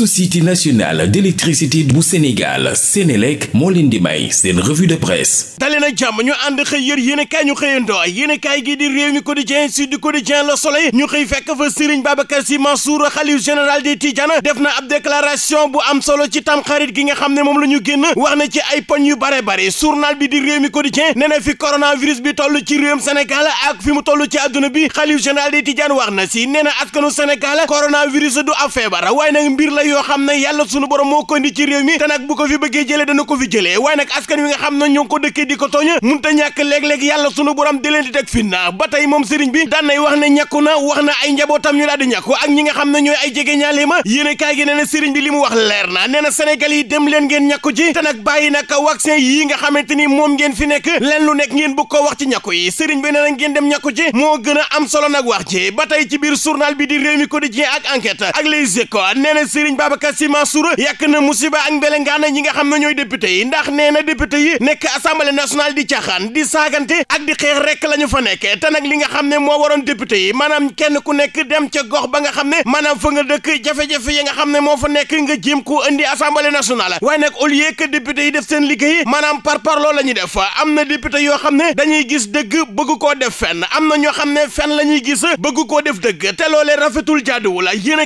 société nationale d'électricité bu Sénégal Sénélec moo leen di may seen revue de presse dali jàmm ñu ànd xëy yër yéen ñu xëyandoo yéen i gi di réew mi quotidien Sud Quotidien Le Soleil ñu xëy fekk fa Serigne Babacar Sy Mansour xalif général des Tidianes def na ab déclaration bu am solo ci tamxarit gi nga xam ne moom la ñu génn wax na ci ay poñ yu bare bare journal bi di réew mi quotidien nee na fi coronavirus bi toll ci réewum Sénégal ak fi mu toll ci àdduna bi xalif général des Tidianes wax na si nee na askanu yoo xam ne yàlla sunu borom moo ko indi ci réew mi te nag bu ko fi bëggee jëlee dana ko fi jëlee waaye nag askan wi nga xam ne ko dëkkee di ko tooñ mun ta ñàkk léeg-léeg yàlla sunu borom di leen di teg finna ba tey moom sëriñ bi daan wax ne ñàkku na wax na ay njabootam ñu daal ñàkku ak ñi nga xam ne ñooy ay jege ñaale ma yéene kaay gi nee sëriñ bi li mu wax leer na nee na Sénégal yi dem leen ngeen ñàkku ci te nag bàyyi nag vaccin yi nga xamante ni fi nekk leen lu nekk ngeen bëgg ko wax ci ñàkku yi sëriñ n nee na ngeen dem ñàkku ci moo gën a am solo nag wax ci ba tey ci biir journal bi di réew mi quotidien ak enquête ak les Serigne Babacar Sy Mansour yàq na musiba ak mbelengaan ñi nga xam ne ñooy député yi ndax nee na député yi nekk assemblée nationale di caaxaan di saagante ak di xeex rek la ñu fa nekkee te nag li nga xam ne moo waroon député yi maanaam kenn ku nekk dem ca gox ba nga xam ne maanaam fa nga dëkk jafe-jafe yi nga xam ne moo fa nekk nga jiim ko indi assemblée nationale waaye nag au lieu que député yi def seen liggéey maanaam par parloo la ñuy def am na député yoo xam ne dañuy gis dëgg bëgg koo def fenn am na ñoo xam ne fenn la ñuy gis bëgg koo def dëgg te rafetul jaaduwul yéen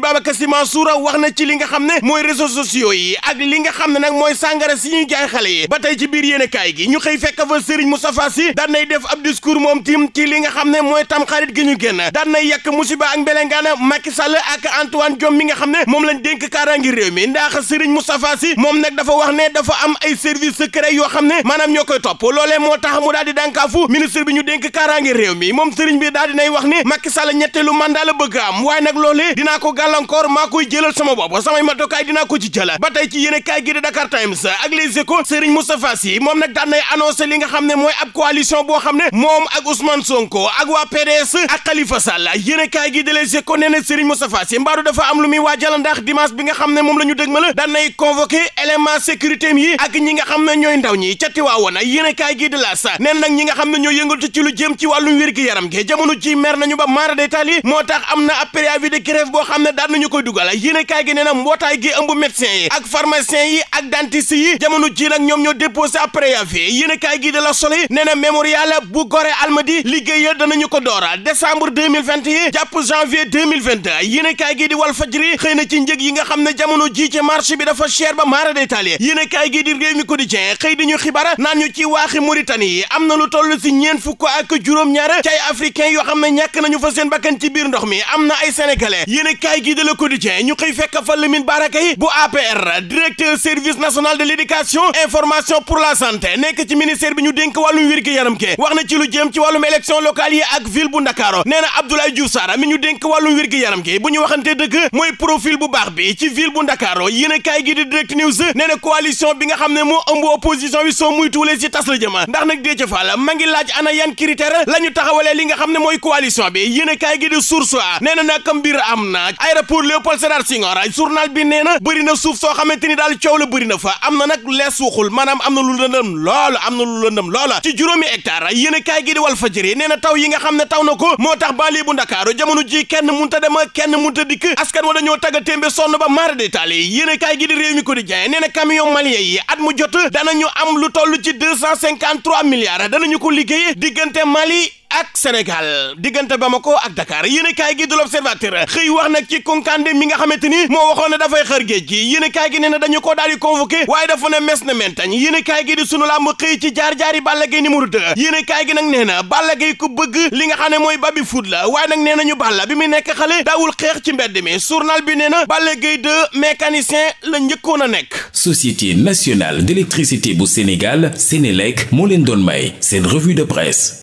Serigne Babacar Sy Mansour wax na ci li nga xam ne mooy réseaux sociaux yi ak li nga xam ne nag mooy sàngara si ñuy jaay xale yi ba ci biir yéen kaay gi ñu xëy fekk fa Serigne Moustapha Sy daan nay def ab discours moom tim ci li nga xam ne mooy tam xarit gi ñu génn daan nay yàq musiba ak mbelengaana Macky Sall ak Antoine Diome mi nga xam ne moom lañ dénk kaaraangi réew mi ndax Serigne Moustapha Sy moom nag dafa wax ne dafa am ay service secret yoo xam ne maanaam ñoo koy topp loolee moo tax mu daal di dànkaafu ministre bi ñu moom Serigne wax ne Macky Sall ñetteelu mandat la bëgg gàllankoor maa koy jëlal sama bopp samay matukaay dinaa ko ci jëla ba tey ci yéen kaay gi di Dakar Times ak Les Échos Serigne Moustapha Sy moom nag daan nay annoncé li nga xam ne mooy ab coalition boo xam ne moom ak Ousmane Sonko ak waa PDS ak Khalifa Sall yéen kaay gi di Les Échos nee na Serigne Moustapha Sy mbaaru dafa am lu muy waajal ndax dimanche bi nga xam ne moom la ñu dëgmal daan nay convoqué élément sécurité yi ak ñi nga xam ne ñooy ndaw ñi ca Tiwaawoon yéen kaay gi di L'As nee nag ñi nga xam ne ñoo yëngatu ci lu jëm ci wàllum wér gi yaram gi jamono ji mer nañu ba maara day taal yi moo tax am na ab préavis de grève boo xam ne daan nañu koy dugal yéene kaay gi nee na mbootaay gi ëmb médecin yi ak pharmacien yi ak dentiste yi jamono ji nag ñoom ñoo déposé ab préavis yéene kaay gi de la Soleil nee na mémorial bu Gorée Almadies liggéey ya danañu ko doora décembre 2021 jàpp janvier 2022 yéene kaay gi di Walf Fadjri xëy na ci njëg yi nga xam ne jamono ji ci marché bi dafa cher ba maara détaillé yéene kaay gi di Rewmi Quotidien xëy di ñu xibaar naan ñu ci waaxi Mauritanie yi am na lu toll si ñeent fukk ak juróom-ñaar cay yoo xam ne ñàkk nañu fa seen bakkan ci biir ndox mi am na ay sénégalais yéene kaay gi gi de Le Quotidien ñu xëy fekk fa Lamine Baraka yi bu APR directeur service national de l'éducation information pour la santé nekk ci ministère bi ñu dénk wàllum wérgu yaram ke wax na ci lu jëm ci wàllum élection locale yi ak ville bu Ndakaaru nee na Abdoulaye Diouf mi ñu dénk wàllum wérgu yaram ke bu ñu waxante dëgg mooy profil bu baax bi ci ville bu Ndakaaru yéen a kaay gi di direct news nee na bi nga xam ne moo ëmb opposition bi soo muy li a kaay gi di source nee na la pour Léopold Sédar Senghor journal bi nee na bëri na suuf soo xamante ni daal coow la bëri na fa am na nag lees waxul maanaam am na lu lëndëm lool am na lu lëndëm loola ci juróomi hectare yéen kaay gi di Walf Fadjri nee na taw yi nga xam ne taw na ko moo tax banlieue bu Ndakaaru jamono ji kenn munta dem kenn munta dikk askan wa dañoo tagga témbe sonn ba mara détaali yéen kaay gi di réew mi quotidien nee na camion malien yi at mu jot danañu am lu ci deux cent cinquante trois milliards ko liggéey diggante Mali ak Sénégal diggante ba ma Bamako ak Dakar yéen kaay gi du l'Observateur xëy wax nag ci Kunkande mi nga xamante ni moo waxoon ne dafay xër géej gi yéen gi nee na dañu ko daal di convoqué waaye dafa ne mes na mentañ yéen kaay gi di sunu làmb xëy ci jaar-jaari Balla Gaye numéro 2 yéen kaay gi nag nee na Balla Gaye ku bëgg li nga xam ne mooy bi foot la waaye nag nee nañu Balla bi mu nekk xale daawul xeex ci mbedd mi journal bi nee na Balla Gaye 2 mécanicien la njëkkoon a nekk Société nationale d'électricité bu Sénégal Sénélec moo leen doon may seen revue de presse